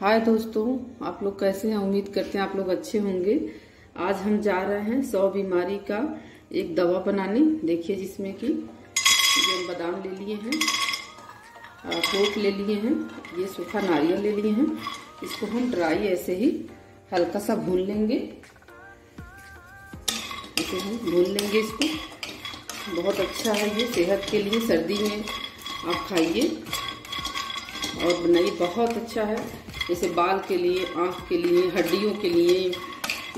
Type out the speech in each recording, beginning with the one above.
हाय दोस्तों आप लोग कैसे हैं उम्मीद करते हैं आप लोग अच्छे होंगे आज हम जा रहे हैं सौ बीमारी का एक दवा बनाने देखिए जिसमें कि ये बादाम ले लिए हैं अखरोट ले लिए हैं ये सूखा नारियल ले लिए हैं इसको हम ड्राई ऐसे ही हल्का सा भून लेंगे ऐसे हम भून लेंगे इसको बहुत अच्छा है ये सेहत के लिए सर्दी में आप खाइए और बनाइए बहुत अच्छा है जैसे बाल के लिए आँख के लिए हड्डियों के लिए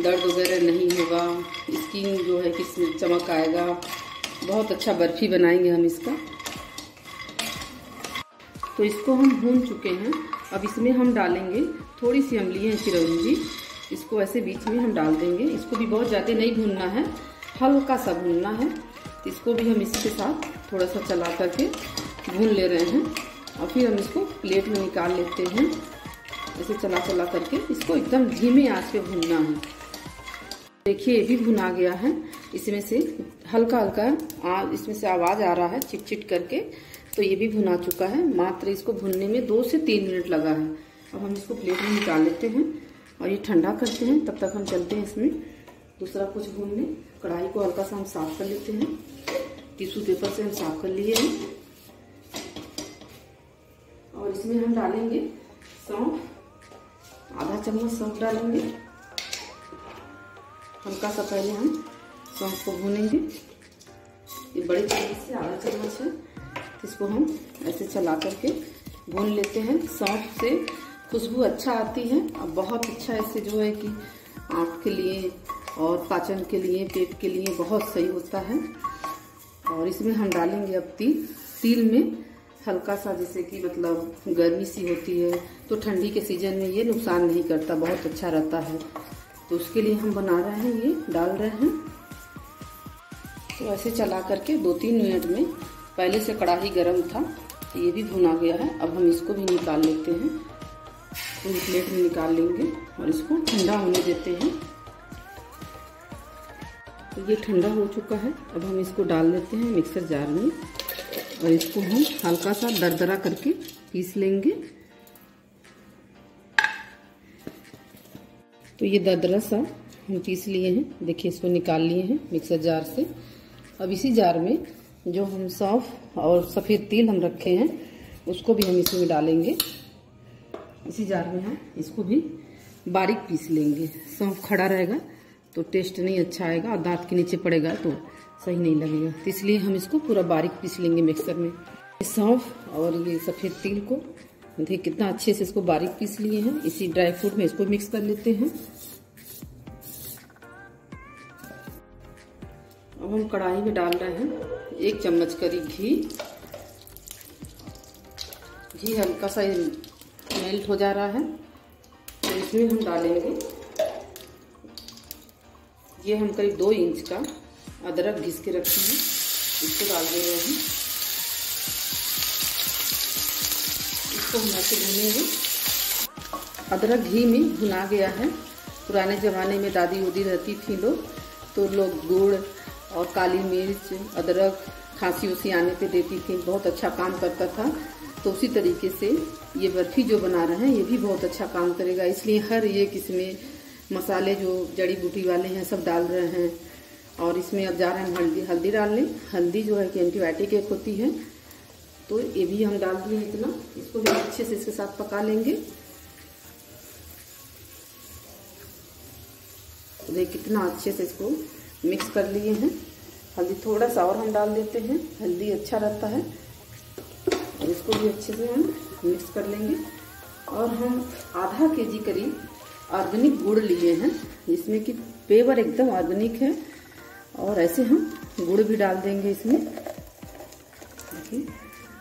दर्द वगैरह नहीं होगा स्किन जो है कि चमक आएगा बहुत अच्छा बर्फ़ी बनाएंगे हम इसका तो इसको हम भून चुके हैं अब इसमें हम डालेंगे थोड़ी सी अमली है हैं इसको ऐसे बीच में हम डाल देंगे इसको भी बहुत ज़्यादा नहीं भूनना है हल्का सा भूनना है इसको भी हम इसके साथ थोड़ा सा चला करके भून ले रहे हैं और फिर हम इसको प्लेट में निकाल लेते हैं ऐसे चला चला करके इसको एकदम धीमे आंच पे भूनना है देखिए ये भी भुना गया है इसमें से हल्का हल्का इसमें से आवाज़ आ रहा है चिट करके तो ये भी भुना चुका है मात्र इसको भुनने में दो से तीन मिनट लगा है अब हम इसको प्लेट में निकाल लेते हैं और ये ठंडा करते हैं तब तक हम चलते हैं इसमें दूसरा कुछ भूनने कढ़ाई को हल्का सा हम साफ कर लेते हैं टिश्यू पेपर से हम साफ कर लिए हैं और इसमें हम डालेंगे सौंफ चम्मच सौंप डालेंगे हल्का सा पहले हम सौंप को भूनेंगे ये बड़ी चम्मच से आधा चम्मच है इसको हम ऐसे चला करके भून लेते हैं सौंप से खुशबू अच्छा आती है और बहुत अच्छा ऐसे जो है कि आँख के लिए और पाचन के लिए पेट के लिए बहुत सही होता है और इसमें हम डालेंगे अब तिल तिल में हल्का सा जैसे कि मतलब गर्मी सी होती है तो ठंडी के सीजन में ये नुकसान नहीं करता बहुत अच्छा रहता है तो उसके लिए हम बना रहे हैं ये डाल रहे हैं तो ऐसे चला करके दो तीन मिनट में पहले से कड़ाही गर्म था तो ये भी भुना गया है अब हम इसको भी निकाल लेते हैं तो प्लेट में निकाल लेंगे और इसको ठंडा होने देते हैं तो ये ठंडा हो चुका है अब हम इसको डाल देते हैं मिक्सर जार में और इसको हम हल्का सा दरदरा करके पीस लेंगे तो ये दरदरा सा हम पीस लिए हैं देखिए इसको निकाल लिए हैं मिक्सर जार से अब इसी जार में जो हम सौफ और सफ़ेद तिल हम रखे हैं उसको भी हम इसी में डालेंगे इसी जार में हम इसको भी बारीक पीस लेंगे सौंफ खड़ा रहेगा तो टेस्ट नहीं अच्छा आएगा और दांत के नीचे पड़ेगा तो सही नहीं लगेगा तो इसलिए हम इसको पूरा बारीक पीस लेंगे मिक्सर में सौंफ और ये सफ़ेद तिल को देखिए कितना अच्छे से इसको बारीक पीस लिए हैं इसी ड्राई फ्रूट में इसको मिक्स कर लेते हैं अब हम कढ़ाई में डाल रहे हैं एक चम्मच करी घी घी हल्का सा मेल्ट हो जा रहा है तो इसमें हम डालेंगे ये हम करीब दो इंच का अदरक घिस के रखे हैं इसको डाल दे रहे हैं इसको हम ऐसे भूनेंगे अदरक घी में भुना गया है पुराने ज़माने में दादी उदी रहती थी लोग तो लोग गुड़ और काली मिर्च अदरक खांसी उसी आने पे देती थी बहुत अच्छा काम करता था तो उसी तरीके से ये बर्फ़ी जो बना रहे हैं ये भी बहुत अच्छा काम करेगा इसलिए हर एक इसमें मसाले जो जड़ी बूटी वाले हैं सब डाल रहे हैं और इसमें अब जा रहे हैं हल्दी हल्दी डाल लें हल्दी जो है कि एंटीबायोटिक एक होती है तो ये भी हम डाल दिए इतना इसको भी अच्छे से इसके साथ पका लेंगे तो कितना अच्छे से इसको मिक्स कर लिए हैं हल्दी थोड़ा सा और हम डाल देते हैं हल्दी अच्छा रहता है और इसको भी अच्छे से हम मिक्स कर लेंगे और हम आधा के जी करीब ऑर्गेनिक गुड़ लिए हैं जिसमें कि पेवर एकदम ऑर्गेनिक है और ऐसे हम गुड़ भी डाल देंगे इसमें देखिए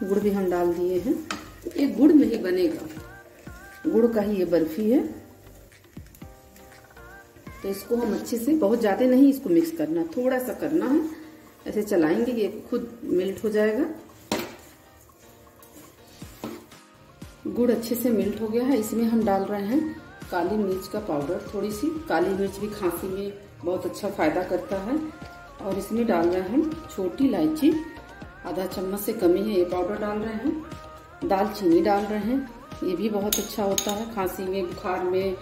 गुड़ भी हम डाल दिए हैं ये गुड़ में ही बनेगा गुड़ का ही ये बर्फी है तो इसको हम अच्छे से बहुत ज़्यादा नहीं इसको मिक्स करना थोड़ा सा करना है ऐसे चलाएंगे ये खुद मिल्ट हो जाएगा गुड़ अच्छे से मिल्ट हो गया है इसमें हम डाल रहे हैं काली मिर्च का पाउडर थोड़ी सी काली मिर्च भी खांसी में बहुत अच्छा फ़ायदा करता है और इसमें डाल रहे हैं छोटी इलायची आधा चम्मच से कमी है ये पाउडर डाल रहे हैं दालचीनी डाल रहे हैं ये भी बहुत अच्छा होता है खांसी में बुखार में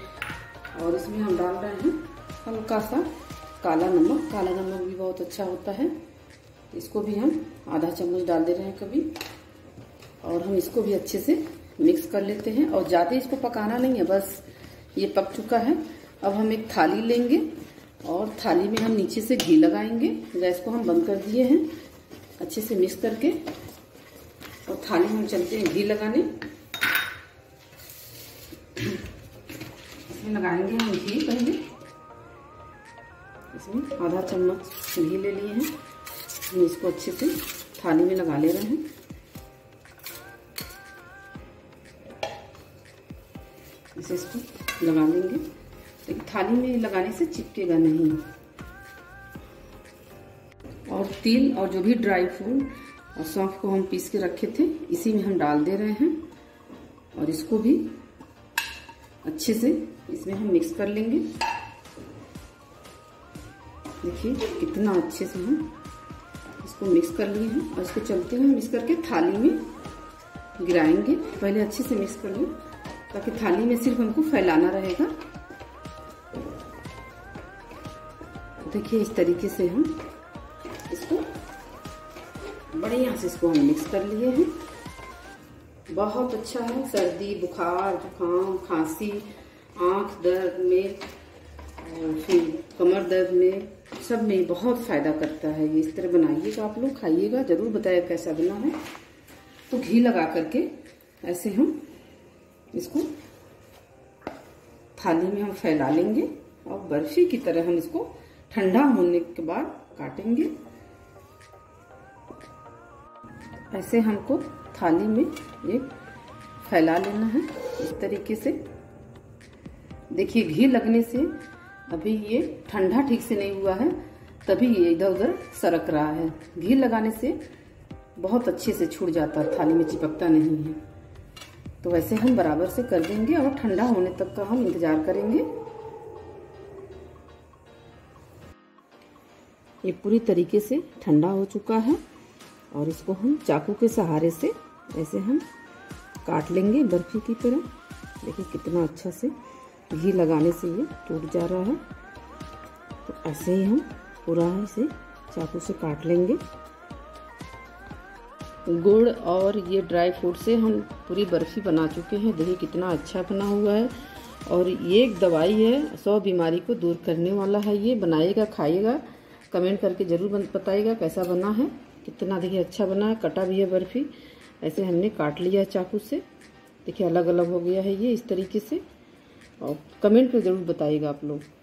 और इसमें हम डाल रहे हैं हल्का सा काला नमक काला नमक भी बहुत अच्छा होता है इसको भी हम आधा चम्मच डाल दे रहे हैं कभी और हम इसको भी अच्छे से मिक्स कर लेते हैं और ज़्यादा इसको पकाना नहीं है बस ये पक चुका है अब हम एक थाली लेंगे और थाली में हम नीचे से घी लगाएंगे गैस को हम बंद कर दिए हैं अच्छे से मिक्स करके और थाली में चलते हैं घी लगाने इसमें लगाएंगे हम घी पहले इसमें आधा चम्मच घी ले लिए हैं हम इसको अच्छे से थाली में लगा ले रहे हैं इसे इसको लगा देंगे तो थाली में लगाने से चिपकेगा नहीं और तिल और जो भी ड्राई फ्रूट और सौंफ को हम पीस के रखे थे इसी में हम डाल दे रहे हैं और इसको भी अच्छे से इसमें हम मिक्स कर लेंगे देखिए कितना अच्छे से हम इसको मिक्स कर लिए हैं और इसको चलते हुए मिक्स करके थाली में गिराएंगे पहले अच्छे से मिक्स कर लें ताकि थाली में सिर्फ हमको फैलाना रहेगा देखिए इस तरीके से हम इसको बढ़िया से इसको हम मिक्स कर लिए हैं बहुत अच्छा है सर्दी बुखार जुकाम खांसी आंख दर्द में और फिर कमर दर्द में सब में बहुत फ़ायदा करता है ये इस तरह बनाइएगा आप लोग खाइएगा ज़रूर बताएगा कैसा बना है तो घी लगा करके ऐसे हम इसको थाली में हम फैला लेंगे और बर्फी की तरह हम इसको ठंडा होने के बाद काटेंगे ऐसे हमको थाली में ये फैला लेना है इस तरीके से देखिए घी लगने से अभी ये ठंडा ठीक से नहीं हुआ है तभी ये इधर उधर सरक रहा है घी लगाने से बहुत अच्छे से छूट जाता है थाली में चिपकता नहीं है तो वैसे हम बराबर से कर देंगे और ठंडा होने तक का हम इंतज़ार करेंगे ये पूरी तरीके से ठंडा हो चुका है और इसको हम चाकू के सहारे से ऐसे हम काट लेंगे बर्फी की तरह देखिए कितना अच्छा से घी लगाने से ये टूट जा रहा है तो ऐसे ही हम पूरा इसे चाकू से काट लेंगे गुड़ और ये ड्राई फ्रूट से हम पूरी बर्फ़ी बना चुके हैं दही कितना अच्छा बना हुआ है और ये एक दवाई है सौ बीमारी को दूर करने वाला है ये बनाइएगा खाइएगा कमेंट करके ज़रूर बताइएगा कैसा बना है कितना देखिए अच्छा बना है कटा भी है बर्फ़ी ऐसे हमने काट लिया है चाकू से देखिए अलग अलग हो गया है ये इस तरीके से और कमेंट पर ज़रूर बताइएगा आप लोग